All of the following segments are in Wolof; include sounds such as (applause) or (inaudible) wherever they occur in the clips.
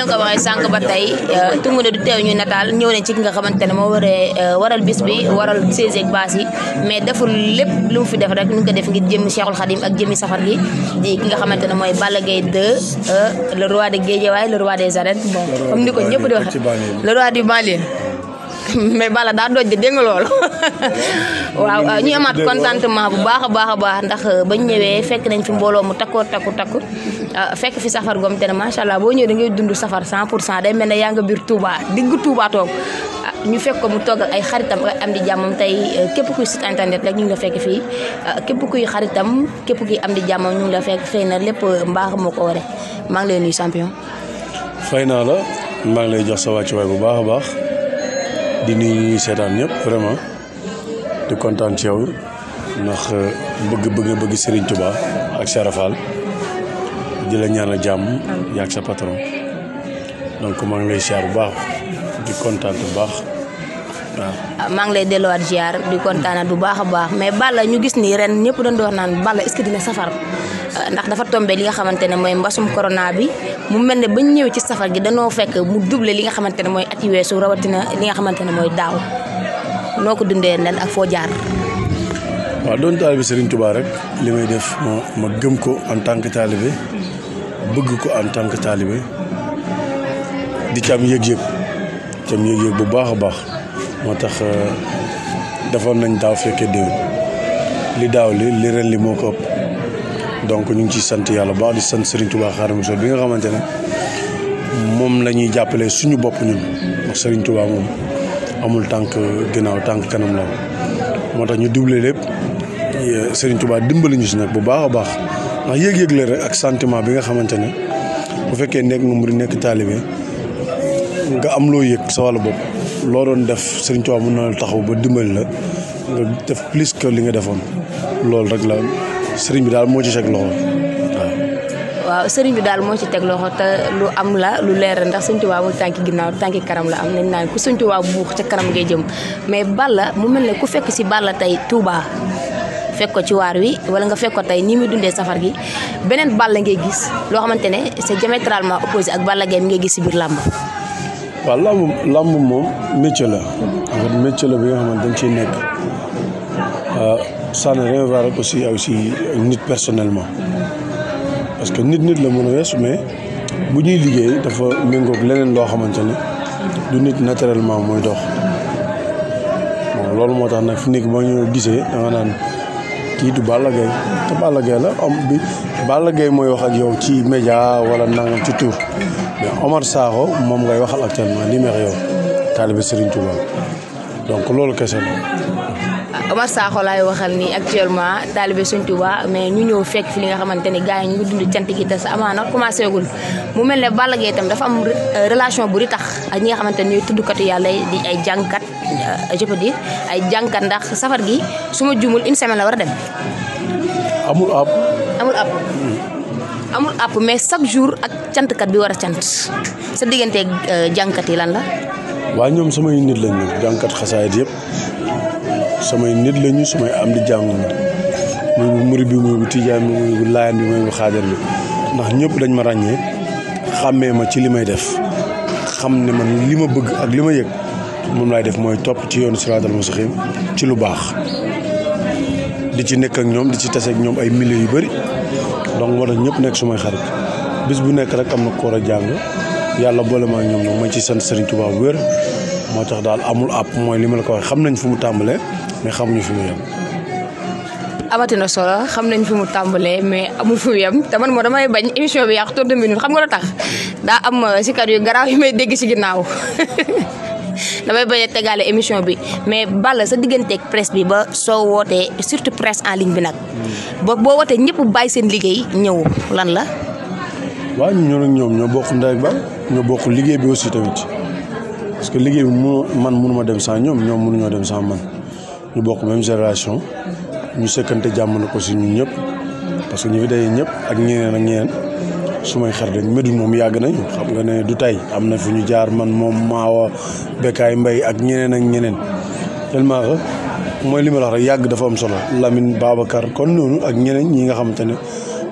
ngeen ko waxee sànq ba tey euh, Toumbouda du teew ñuy nataal ñëw ci ki nga xamante ne moo waree euh, waral bis bi waral seize baas yi mais deful lépp lu mu fi def rek nu ko def ngir jëmmi Cheikhul Khadim ak jëmmi safar gi di ki nga xamante ne mooy Balla Gaye 2 euh, le roi de Guédiawaye le roi des arènes bon comme ni ko ñëpp di waxee le roi du (laughs) mais bala daa doj de dégg nga loolu (laughs) waaw ñu amaat contentement bu baax a baax a baax ndax euh, bañ ñëwee fekk nañ fi mbooloo mu takkoo takku takku euh, fekk fi safar goom te macha allah boo ñëwee da ngay dund safar 100 pour cent day mel ne yaa nga biir Touba digg Touba toog ah, ñu fekk ko mu togg ay xaritam ak am di jàmmam tey euh, képp kuy site internet rek ñu ngi la fekk fii képp kuy xaritam képp kuy am di jàmmam ñu ngi la fekk xëy na lépp mbaax moo ko maa ngi lay nuyu champion. naa la maa ngi lay jox sa wàccuwaay bu di nuyu ñuy seetaan ñëpp vraiment di kontaan ci yow ndax euh, bëgg bëgg bëgg Serigne Touba ak Serafal di la ñaanal jàmm yaa ak sa patron donc maa ngi lay siyaar bu baax di kontaan bu baax waaw. maa ngi lay delluwaat ziar di kontaan bu baax baax mais Balla ñu gis nii ren ñëpp dañ doon naan Balla est-ce dina safar. ndax dafa tombé li nga xamante ne mooy mbasum corona bi mu mel ne bañ ñëwee ci safar gi danoo fekk mu doublé li nga xamante ne mooy at yu weesu rawatina li nga xamante ne mooy daaw noo ko dundee nen ak foo jaar. waaw doon taalibe Serigne Touba rek li may def ma ma gëm ko en tant que taalibe bëgg ko en tant que di ci am yëg-yëg ci yëg-yëg bu baax a baax moo tax euh, defoon nañ daaw fekkee déwén li daaw li li ren li moo ko ëpp. donc ñu ngi ciy sant yàlla baax di sant Serigne Touba Xaadimu Rasuul bi nga xamante ne moom la ñuy jàppale suñu bopp ñun ndax Serigne moom amul tànk ginnaaw tànk kanam la moo tax ñu doublé lépp sëriñ Touba dimbali ñu si nag bu baax a baax ndax yëg-yëg la rek ak sentiment bi nga xamante ne bu fekkee nekk nga murid nekk taalibe nga am loo yëg sa wàllu bopp loo doon def Serigne Touba mën na la taxaw ba dimbali la nga def plus que li nga defoon loolu rek la. sëriñ bi daal moo ci teg loxo waaw sëriñ bi daal moo ci teg loxo te lu am la lu leer ndax Sëñ Tuubaa mu tànki ginnaaw tànki kanam la am nañ naan ku Sëñ Tuubaa buux ca kanam ngay jëm mais Balla mu mel ne ku fekk si la tey tuubaa fekk ko ci waar wi wala nga fekk ko tey ni muy dundee safar gi beneen la ngay gis loo xamante ne c'est diamétralement opposé ak Balla Gaye mi ngay gis si biir làmb waaw làmb moom métier la métier la bi nga xamante ça n'a rien aussi aussi nit personnellement parce que nit nit la mën a weesu mais bu ñuy liggéey dafa méngoog leneen loo xamante ne du nit naturellement mooy dox bon loolu moo tax nag fi nekk ba ñu gisee da naan kii du Balla Gaye te Balla Gaye la am bi Balla Gaye mooy wax ak yow ci média wala nangam ci tour mais Omar Sakho moom ngay waxal actuellement li meex yow taalibe Serigne Touba donc loolu kese Omar Sakho laay waxal nii actuellement taalibe Sëñ Tuubaa mais ñu ñëw fekk fi li nga xamante ni gaa yi ñu ngi dund cant gi te sa amaana commencé gul mu mel ne Balla Gaye tam dafa am euh, relation bu di tax ak nga xamante ni ñooy tuddkatu yàlla di ay jàngkat euh, je peux ay jàngkat ndax safar gi su ma une semaine la war a dem. amul app. amul app. amul app mais chaque jour ak cantkat bi war a cant sa diggante euh, jàngkat yi lan la. waaw ñoom samay nit lañ ñu jàngkat xasaayit yëpp. samay nit lañu samay am di jàmm muy bi muy bu tijaan bi muy bu laayaan bi muy xaajar bi ndax ñëpp dañ ma ràññee xàmmee ma ci li may def xam ne man li ma bëgg ak li ma yëg moom laay def mooy topp ci yoonu siraatal mustaqim ci lu baax di ci nekk ak ñoom di ci tase ak ñoom ay milliers yu bëri donc moo tax ñëpp nekk sumay xarit bis bu nekk rek am na koor a jàng yàlla boole ma ak ñoom nag ma ci sant Serigne Touba bu moo tax daal amul àpp mooy li ma la ko xam nañ fu mu tàmbalee mais xamuñu fi mu yem. amati solo xam nañ fi mu tàmbalee mais amul fi mu yem te man moo damay bañ émission bi yàqu tourne minute xam nga lu tax daa am euh, sikar yu garaaw yu may dégg si ginnaaw. (laughs) damay bañ a tegaale émission bi mais Balla sa digganteeg presse bi ba soo wootee surtout presse en ligne bi nag. Hmm. ba boo wootee ñëpp bàyyi seen liggéey ñëw lan la. waaw ñun ak ñoom ñoo bokk ndey ba baay ñoo bokk liggéey bi aussi tamit parce que liggéey bi mu man mënuma dem sans ñoom ñoom mënuñoo dem sans man. ñu bokk même génération ñu sekkante jàmm ko si ñu ñëpp parce que ñu fi daje ñëpp ak ñeneen ak ñeneen su may xar dañ Médoune moom yàgg nañu xam nga ne du tey am na fi ñu jaar man moom Maawa Bekkaay Mbay ak ñeneen ak ñeneen tellement que mooy li ma la wax yàgg dafa am solo Lamine Babacar kon noonu ak ñeneen ñi nga xamante ne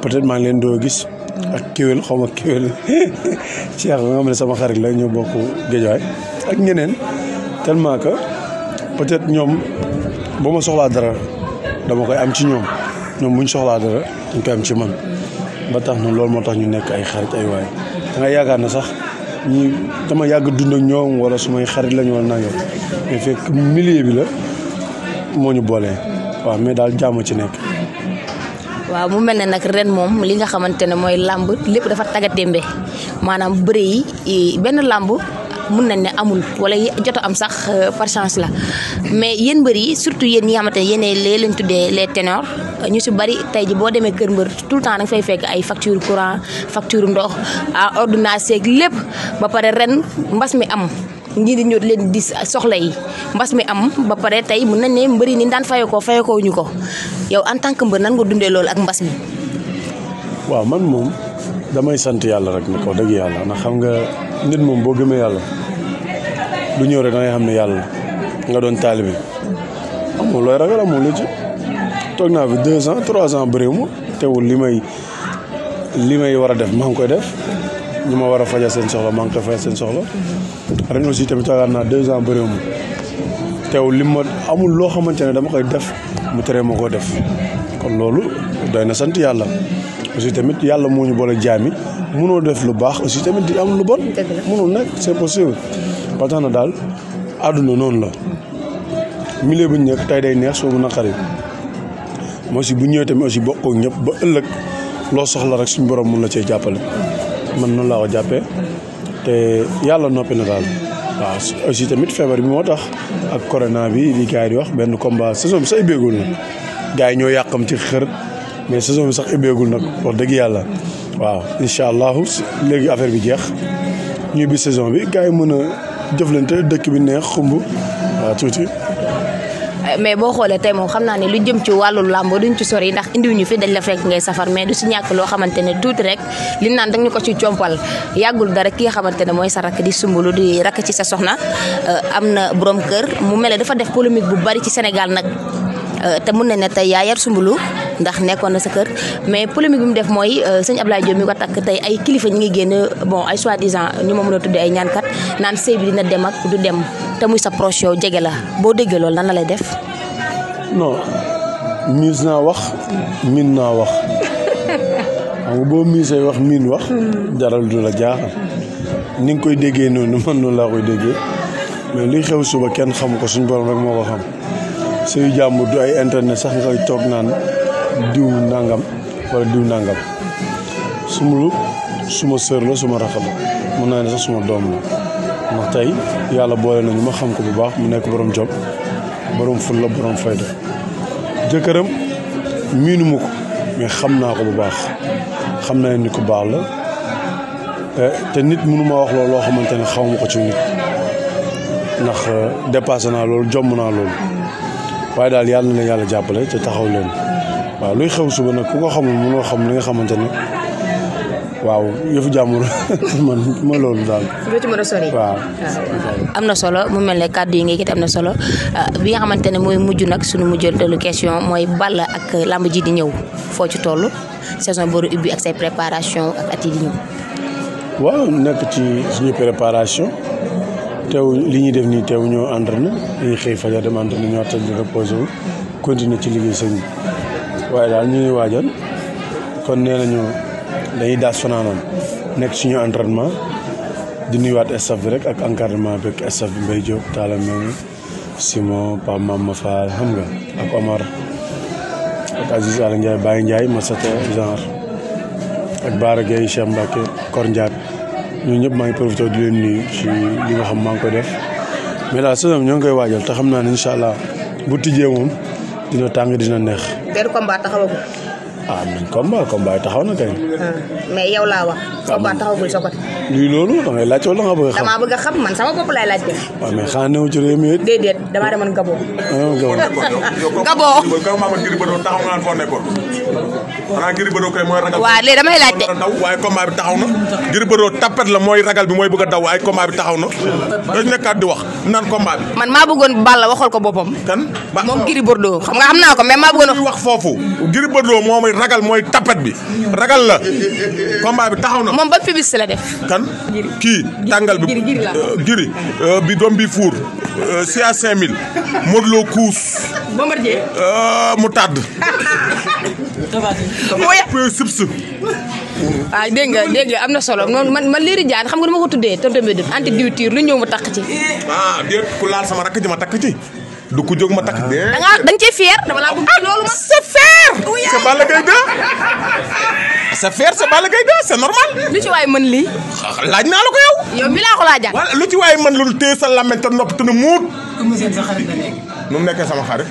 peut-être maa ngi leen doo gis. ak kéwél xaw ma kéwél (laughs) Cheikh nga sama xarit la ñoo bokk géejawaay ak ñeneen que peut-être ñoom. boo ma soxlaa dara dama koy am ci ñoom ñoom bu ñu soxlaa dara dañ koy am ci man ba tax na loolu moo tax ñu nekk ay xarit ay waay da nga yaakaar ne sax ñi dama yàgg dund ak ñoom wala sumay xarit lañu wala nangam mais fekk milieu bi la moo ñu boolee waaw mais daal jàmm ci nekk. waaw mu mel ne nag ren moom li nga xamante ne mooy làmb lépp dafa taggatémbe maanaam bëre yi benn làmb mun nañ ne amul wala yi jot am sax euh, par la mais yéen mbër yi surtout yéen ñi nga xamante ne yéenee lee lañ tuddee les ténors ñu si bari tey ji boo demee kër mbër tout le temps nga fay fekk ay facture courant facture ndox à ordonnance ak lépp ba pare ren mbas mi am ñii di ñëw leen di soxla yi mbas mi am ba pare tey mën nañ ne mbëri ni daan fayekoo fayekoo ñu ko yow en tant que mbër nan dundee loolu ak mbas waaw man moom damay sant yàlla rek ko dëgg yàlla ndax xam nga nit moom boo gëmee ñëw rek da ngay xam ne yàlla nga doon taalibe amul looy ragal amul lu ci toog naa fi deux ans trois ans bëriwul teewul li may li may war a def maa ngi koy def ñu ma war a fajal seen soxla maa ngi koy fajal seen soxla ren aussi tamit toogaat naa deux ans bëriwul teewul ma amul loo xamante ne dama koy def mu koo def kon loolu doy na sant yàlla aussi tamit yàlla moo ñu boole jaami mënoo def lu baax aussi tamit di am lu bon mënul nekk c'est possible ba na daal àdduna noonu la milieu bu ñu nekk tey day neex soo mën a xarit moo si bu ñëwee tamit aussi bokkoo ñëpp ba ëllëg loo soxla rek suñu borom mun la cee jàppale man noonu laa ko jàppee te yàlla noppi na daal waaw aussi tamit feebar bi moo tax ak corona bi li gars yi di wax benn combat saison bi sax ibbeegul yi ñoo yàqam ci mais saison bi sax ibbeegul nag wax dëgg yàlla waaw incha allahu léegi affaire bi jeex ñuy bi saison bi gars yi mën a jëflante dëkk bi neex xumb waaw tuuti mais boo xoolee tey moom xam naa ne lu jëm ci wàllu làmb duñ ci yi ndax indiw ñu fi dañ la fekk ngay safar mais du si ñàkk loo xamante ne tuuti rek li naan ñu ko ci compal yàggul dara ki nga xamante ne mooy sa rakk di sumbulu di rakk ci sa soxna euh, am na borom kër mu mel ne dafa def polémique bu bari ci Sénégal nag euh, te mun na ne tey yaa yar sumbulu ndax nekkoon na sa kër mais polémique bi mu def mooy euh, sëñ Ablaye Diop mi ko takk tey ay kilifa ñi ngi génn bon ay soi-disant ñu ma mën a tuddee ay ñaankat naan sëy dina dem ak du dem te muy sa proche yow jege la boo déggee loolu lan la lay def. non miis naa wax miin naa wax xam nga boo miisee wax miin wax. jaral du la jaaxal. ni nga koy déggee noonu man noonu laa koy déggee mais li xew suba kenn xam ko suñu borom rek moo ko xam suy jàmbur du ay internet sax nga koy toog naan diw nangam walla diw nangam suma suma sœur suma rakk la mën naa ne sax suma doom la. ndax tey yàlla boole nañu ma xam ko bu baax mu nekk borom jom borom ful la borom fayda jëkkëram miinu ma ko xam naa ko bu baax xam naa ni ko baax la eh, te nit mënu ma wax loolu loo xamante ne xaw ma ko ci ndax eh, dépassé naa loolu jomm naa loolu waaye daal yàlla na yàlla jàppale te taxaw leen waaw luy xew suba nag ku ko xamul mënoo xam li nga xamante ne waaw yëfu jàmbur (laughs) man ma loolu daal. doo ci na solo mu mel ne kàddu yi ngay gis am na solo ah, bi nga xamante ne mooy mujj nag suñu mujjantalu question mooy Balla ak làmb ji di ñëw foo ci toll saison booru ubbi ak say préparation ak at ñëw. waaw nekk ci suñu préparation. teew li ñuy def nii teew ñoo entraîné dañuy xëy fajar dem entraîné ñoo tax ñu reposé wu continuer ci liggéey sëñ waaye daal ñu ngi waajal kon nee nañu. dañuy daal sonaanoon nekk suñu entraînement di nuyuwaat staff rek ak encadrement bi ak staff bi Mbaye Diop Talla Simon Pape Mama Fall xam nga ak Omar ak Aziz Ala Ndiaye Baye Ndiaye Massata genre ak Baara Gueye Kor Ndiak ñooñu ñëpp maa ngi profité di leen nuyu ci li nga xam maa ngi koy def mais daal saison bi ñoo ngi koy waajal te xam naa ne incha allah bu tijjee moom dina tàng dina neex. ah am nañ combat combat yi taxaw na kay. Ah, mais yow laa wax. combat ah, taxawagul sa côté. luy loolu da ngay laaj wala nga bëgg a xam. damaa bëgg a xam man sama bopp laay laaj de. waaw mais a néew ci réew mi it. déedéet damaa demoon Gabon. Ah, Gabon (laughs) Gabon. waaw léegi damay laaj de. waaye combat bi taxaw na. Gris Bordeaux tapet la mooy ragal bi mooy bëgg a daw waaye combat bi taxaw na. dañu nekkaat di wax naan combat bi. man maa bëggoon Balla waxal ko boppam. kan moom Gris Bordeaux xam nga xam naa ko mais maa bëggoon. wax foofu Gris Bordeaux mooy ragal mooy tapet bi ragal la combat bi taxaw na. moom ba pibis la naan kii tàngal bi giri euh, euh, bi doom bi fuur euh, si à cinq mille Modou Lo kuus mu tàdd mooy sips waaw ah, dégg nga dégg nga am na solo noonu man man Lirou Diane xam nga nu ma ko tuddee tonton Mbédoune anti diwtiir lu ñëw ma takk ci ah déet ku laal sama rakk ji ma takk ci du ko jóg ma takk dee. da nga da nga cee fier dama laa bëgg ah, loolu ma. c'est fier. c'est Balla Gaye sa c'est fier c'est Balla Gaye 2 c'est normal. lu ci waay mën lii. laaj naa la ko yow. yow mi laa ko laajaat. lu ci waay mën loolu téye sa làmmiñ te nopp muut. nu mu nekkee sama xarit.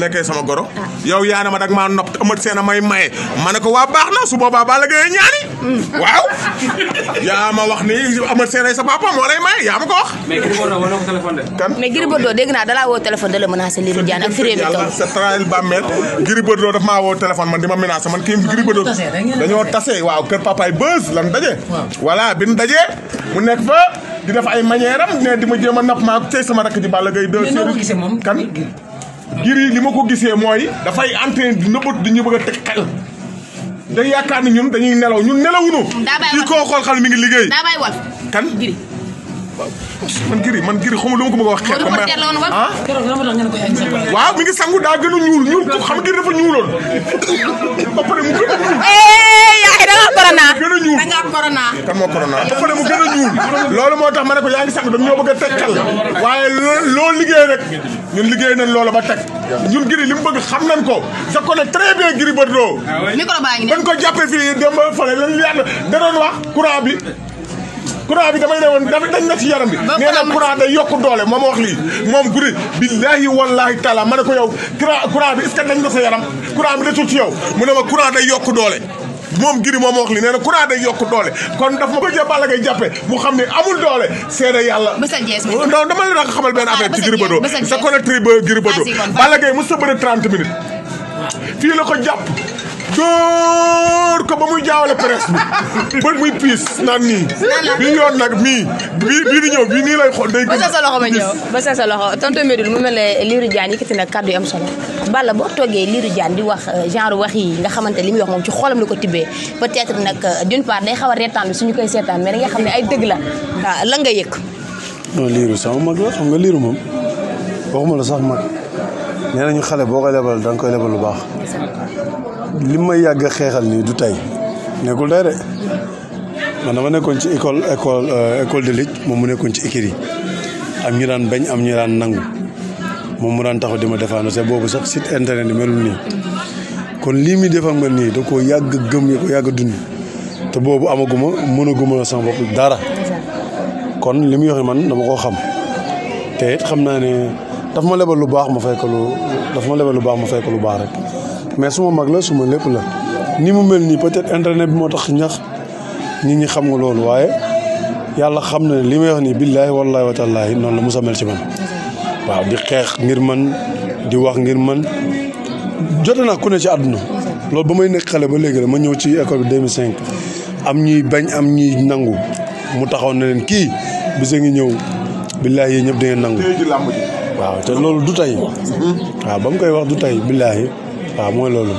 nekkee sama goro. yow yaa na ma dag maa nopp amat seen a maye. ma ko waa baax na su boobaa Balla mm. ma wax ni amat seen ay sa papa moo lay maye yaa ma ko wax. mais Gris Bordeaux wala ko téléphone de. kan mais Gris Bordeaux naa da woo téléphone da la menacé Lirou Diane ak. firé bi toog sa trail bàmmeel. Gris Bordeaux daf maa woo téléphone man di ma a man kii Gris Bordeaux. dañoo tase waaw kër papaay bës lan daje. voilà bi ñu dajee mu nekk fa. di def ay manière am ne di ma jéem a napp maa tey sama rakk ji Balla Gaye 2. mais noo ko gisee moom kan giri li ma ko gisee mooy dafay entraîné di nëbët di ñu bëgg a teg xel. day yaakaar ni ñun dañuy nelaw ñun nelawuñu. daa bàyyi koo xool xam mi ngi liggéey. daa bàyyi wal kan giri. man giri man giri xamul lu ko ma ah? waaw mi ngi sangu daa gën a ñuul ñuul xam giri dafa ñuuloon (laughs) ba pare mu a ñuul. da nga am corona. kan moo corona dafa ne a ñuul. loolu moo tax ma loo liggéey rek liggéey nañ loolu ba teg ñun giri li mu bëgg xam ko je connais très bien Gris Bordeaux. micro baa ngi ko jàppee fii démb fële lan yàlla da doon wax courant bi. courant bi damay ne woon dañ na ci yaram bi nee na courant day yokk doole moom wax lii moom guri billahi wallahi taala ma ne ko yow courant bi est-ce que dañ na sa yaram courant bi da tut ci yow mu ne ma courant day yokk doole moom giri moom wax li nee na courant yokk doole kon daf ma bëggee Balla Gaye jàppe mu xam ne amul doole seede yàlla non dama la nga xamal benn affaire ci Gris Bordeaux sa connecteur ba Gris Bordeaux Balla Gaye mos sa bëre 30 minutes fii la ko jàpp dóor ko ba muy jaawale presse bi ba muy piis naan nii. bii yoon nag mii bii bii di ñëw bii nii lay xool day. ba sa loxo ma ñëw ba sa loxo tonton Médoune mu mel ne Lirou Diane yëkkati na kàddu yi am solo. Balla boo toogee Lirou Diane di wax euh, genre wax yi nga xamante li muy wax moom ci xoolam la ko tibbee peut-être nag euh, d'une part day xaw a reetaan suñu koy seetaan mais da nga xam ne ay dëgg la ah, la nga yëg. non Lirou sama mag la xam nga Lirou moom waxuma la sax mag nee nañu xale boo koy lebal da nga lu baax. li may yàgg xeexal nii du tey nekkul tey de man dama nekkoon ci école école euh, école de lutte moom mu nekkoon ci écurie am ñu daan bañ am ñu daan nangu moom mu daan tax di ma défendre se boobu sax site internet yi melul nii kon lii muy defal ma nii da koo yàgg gëm ya ko yàgg te boobu amaguma mënaguma sama bopp dara kon li muy wax man dama ko xam te xam naa ne daf ma lebal lu baax ma fay ko lu daf ma lebal baax ma fay ko lu baax rek. mais suma mag la suma lépp la ni mu mel nii peut-être internet bi moo tax ñax nit ñi xam nga loolu waaye yàlla xam na ne li may wax nii billaahi wallaahi wa taalaahi noonu la musa mel ci man waaw di xeex ngir man di wax ngir man jote naa ku ne ci àdduna loolu ba may nekk xale ba léegi la ma ñëw ci école bi cinq am ñuy bañ am ñi nangu mu taxaw na leen kii bi bis ngi ñëw billaahi yéen ñëpp da ngeen nangu waaw te loolu du tey mm-hmm. waaw ba mu koy wax du tey billaahi waaw mooy loolu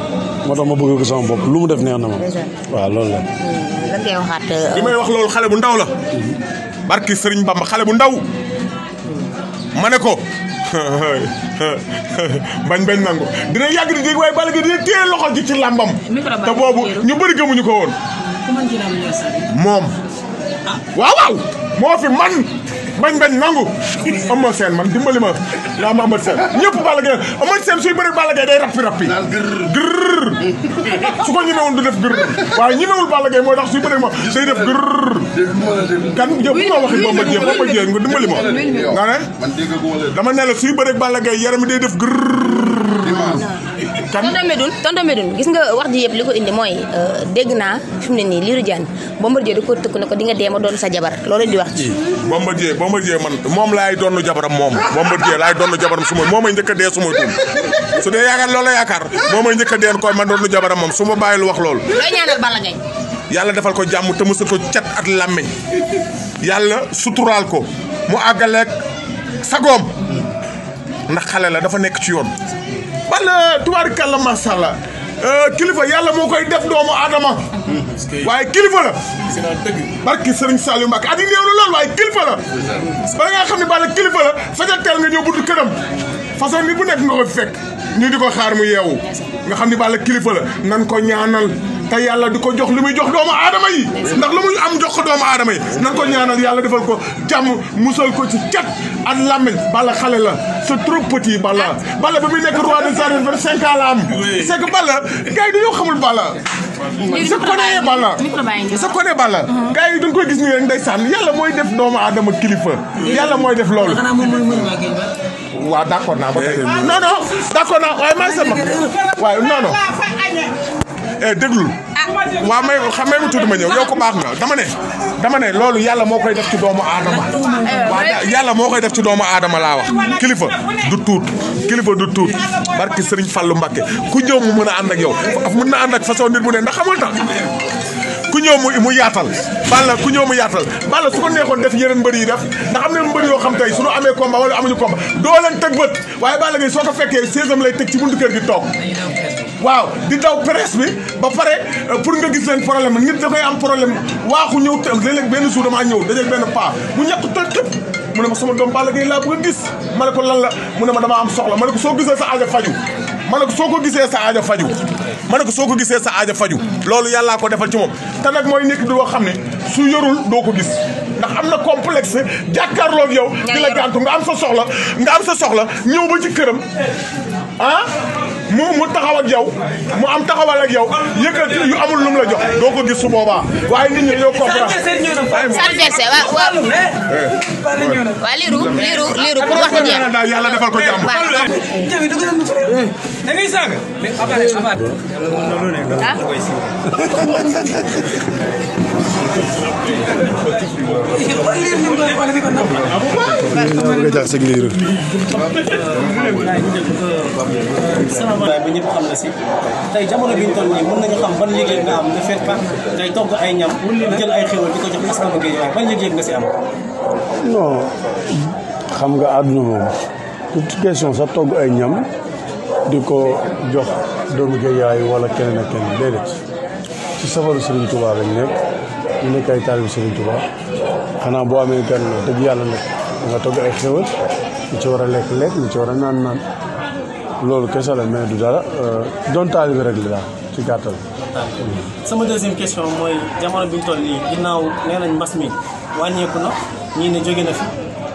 moo tax ma bëgg ko bopp lu mu def neex na ma waaw loolu la hmm, lan euh, li may wax loolu xale bu ndaw la mhm. barki Sëriñ Bamba xale bu ndaw hmm. ma ne ko (laughs) bañ bañ nangu dina yàgg di dégg waaye Balla dina téye loxo ji ci làmbam te boobu ñu bëri ñu ko woon moom ah. waaw moo fi man bañ bañ nangu Eumeu Sène man dimbali ma naa ma Eumeu Sène ñëpp Balla Gaye Eumeu Sène suy bëri Balla Gaye day rappi rappi gërr su ko ñemewul du def gërr waaye ñemewul Balla Gaye mooy tax suy bëri ma day def gërr kan jë bu ma waxi Bamba Dieng Bamba Dieng nga dimbali ma nga ne dama ne la suy bëri Balla Gaye yaram day def gërr tonton Medoune tonton Medoune gis nga wax ji yëpp li ko indi mooy euh, dégg naa fi mu ne nii Lirou Diane Bombardier da ko tëkk na ko di nga dee ma doon sa jabar loolu di wax ci Bombardier Bombardier man moom laay doon jabaram moom Bombardier laay doon jabaram su ma moo may njëkk a dee su ma tuum su dee yaakaar loolu la yaakaar moo may njëkk a dee koy man doon jabaram moom su ma bàyyi lu wax loolu looy ñaanal Balla Gaye yàlla defal ko jàmm te mësul ko cat at làmmiñ yàlla suturaal ko mu àggaleeg sagoom ndax xale la dafa nekk ci yoon man tubaarikàlla macha allah euh, kilifa yàlla moo koy def doomu aadama. waaye kilifa la. barki Serigne Saliou Mbacke at yi néew lool waaye kilifa la. ba nga xam ne bala kilifa la fajar teel nga ñëw buddi këram façon nit bu nekk nga koy fekk. ñu di ko xaar mu yeewu. nga xam ne bala kilifa la nan ko ñaanal. te yàlla di ko jox li muy jox doomu aadama yi ndax lu muy am jox ko doomu aadama yi nan ko ñaanal yàlla defal ko jàmm musal ko ci cat ak làmmiñ bala xale la sa trop petit bala ba muy nekk roi des arènes vingt cinq ans la am c'est que bala gars yi dañoo xamul bala sa connaît bala sa connaît bala gars yi dañ koy gis ni rek ndeysaan yàlla mooy def doomu aadama kilifa yàlla mooy def loolu waaw d'accord naa ba tey eh, eh, eh. non waaye maa sama (laughs) waaye non Eh, déglul waaw may xam may ma tuuti ma ñëw yow ko baax nga dama ne dama ne loolu yàlla moo koy def ci doomu aadama yàlla moo koy def ci doomu aadama laa wax kilifa du tuut kilifa du tuut barki Sëriñ Fallu Mbàkke ku ñëw mu mën a ànd ak yow mën na ànd ak façon mu ne ndax xamul tax ku ñëw mu mu yaatal Balla ku ñëw mu yaatal Balla su ko neexoon def yeneen mbër yi def ndax am na mbër yoo xam su suñu amee combat wala amuñu combat doo leen teg bët waaye Balla Gaye soo ko fekkee seizième lay teg ci buntu kër gi toog waaw di daw presse bi ba pare euh, pour nga gis leen problème nit da koy am problème waaxu ñëw te léeg-léeg benn jour damaa ñëw dajeeg benn paa bu ñàkk toj képp mu ne ma sama doom Balla Gaye laa bëgg a gis ma ne ko lan la mu ne ma damaa am soxla ma ne ko soo gisee sa aajo faju ma ne ko soo ko gisee sa aajo faju ma ne soo ko gisee sa aajo loolu yàllaa ko defal ci moom te nag mooy nekk di wax xam ne su yorul doo ko gis ndax am na complexe jàkkaarloog yow di la gàntu nga am sa soxla nga am sa soxla ñëw ba ci këram ah? mu mu taxaw ak yow mu am taxawal ak yow yëkkati yu amul lum la jox doo ko gis su boobaa waaye nit ñi dañoo comprendre. sans verser waaw waaw. waaw liiru liiru liiru pour wax ak yéen. yàlla defal ko jàmm. da ngay saaga. mais abdoulaye abdoulaye. ah. salaamaaleykum ba ñëpp xam na si tey jamono bi ñu toll nii mën nañu xam ban liggéey nga am nga feet pa tey togg ay ñam pour jël ay xéwal di ko jox askan bi waaye ban liggéey nga si am. non xam nga àdduna moom toute question sa togg ay ñam. di ko jox doomu géejaay wala keneen ak keneen déedéet ci safaru Serigne Touba lañ nekk ñu nekk ay taalibu Serigne Touba xanaa boo amee gan dëgg yàlla nag nga togg ay xéwal ñu ci war a lekk lekk ñu ci war a naan naan loolu kese la mais du dara euh, doon taalibe rek la daal ci gàttal. sama deuxième question mooy jamono bi toll nii ginnaaw nee mbas mi wàññeeku na ñii ne jóge na fi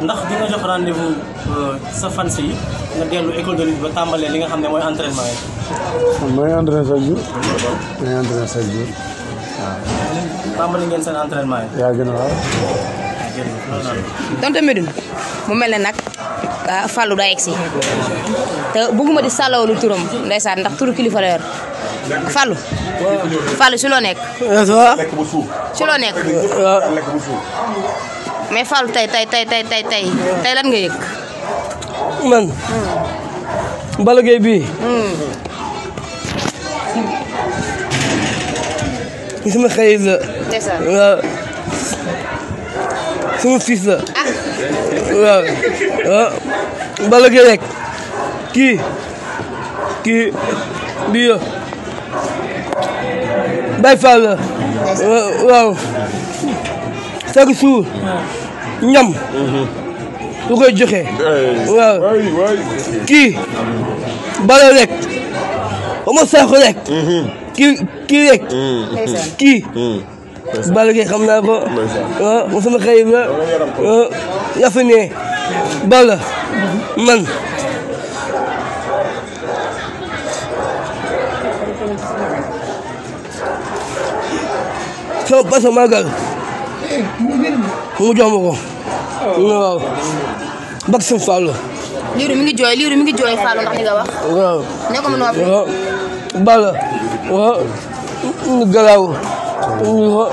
ndax di jox rendez-vous euh, sa fans yi. nga dellu école de lutte ba li nga xam ne mooy entraînement yi. maa yaa gën a waaw. tontu Médoune mu mel ne nag ah, Fallou daa egsi te bëgguma di sàllawlu turam ndeysaan ndax turu kilifa la yor Fallou. Fallou si loo nekk. Eh, si loo nekk. Eh, mais Fallou tey tey tey tey tey tey lan nga yëg. man Balla Gaye bii sama xarit waaw sama fils ah. waaw waaw rek kii kii bii yo Baye waaw chaque jour ñam mhm. lu koy joxe. waaw kii balo rek Oumar Sakho rek. kii kii kii. balo gi xam naa ko. waaw moom sama xarit la. waaw ah, man. sama magal mu jox ma waaw. bak sëñ Fallou. liiru mi ngi jooy liiru mi ngi jooy Fallou waaw. waaw. Balla. waaw. ñu galaaw. ñu ko.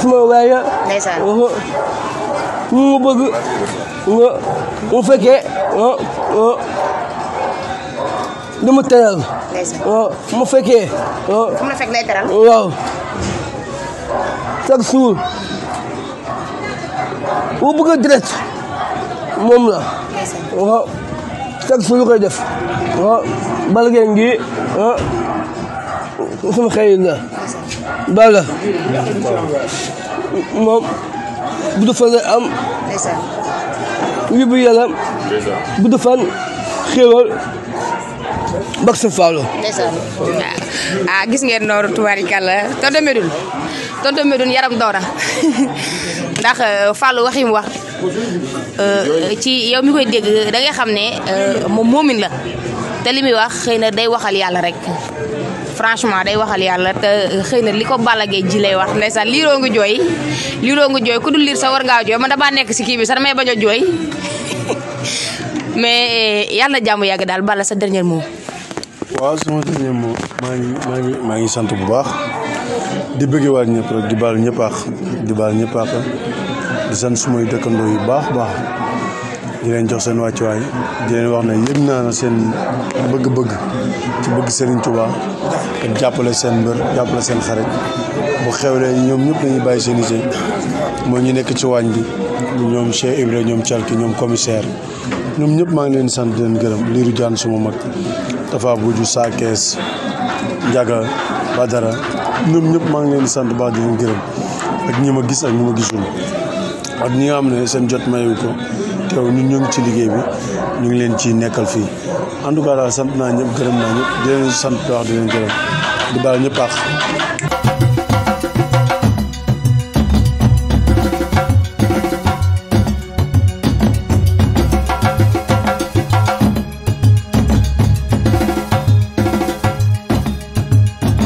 sama waay la. ndeysaan. mu bëgg. nga mu fekkee. waaw waaw. mu teral. waaw mu fekkee. waaw. fu mu bu bëgg a direct moom la waaw chaque jour koy def waaw Balla Gaye ngi sama xëy la Balla moom bu fan lay am yóbbu yàlla bu du fan xéewal bak faalo ah gis ngeen nooru tubaarikàlla tonton Medoune tonton Medoune yaram doo (laughs) ndax euh, Fallou wax yi mu wax euh, ci yow mi koy dégg dangay xam ne euh, moom moomin la te li muy wax xëy na day waxal yàlla rek franchement day waxal yàlla te xëy na li ko Balla gee ji lay wax ndeysaan liiroo ngi jooy liiroo ngi jooy ku dul liir sa war ngaa jooy man damaa nekk si kii bi sa damay bañ a jooy (laughs) mais yàlla na yàgg daal Balla sa dernier mot. waaw sama dernier mot maa ngi maa sant bu baax di bëgg waat ñëpp rek di baal ñëpp di baal ñëpp di suma sumay dëkkandoo yu baax baax di leen jox seen wàccuwaay di leen wax ne yëg naa na seen bëgg-bëgg ci bëgg Serigne Touba te jàppale seen mbër jàppale seen xarit bu xewlee ñoom ñëpp dañuy bàyyi seen ité mooy ñu nekk ci waañ bi ñoom Cheikh Ibrahima ñoom Calki ñoom commissaire ñoom ñëpp maa ngi leen sant di leen gërëm liiru jaan suma mag dafa buju saakees njaga badara ñoom ñëpp maa ngi leen sant baax di leen gërëm ak ñi ma gis ak ñi ma gisul ak ñi nga xam ne seen jot mayu ko teew ñun ñu ngi ci liggéey bi ñu ngi leen ci nekkal fii en tout cas daal sant naa ñëpp gërëm naa ñëpp di leen sant wax di leen gërëm di baal ñëpp àq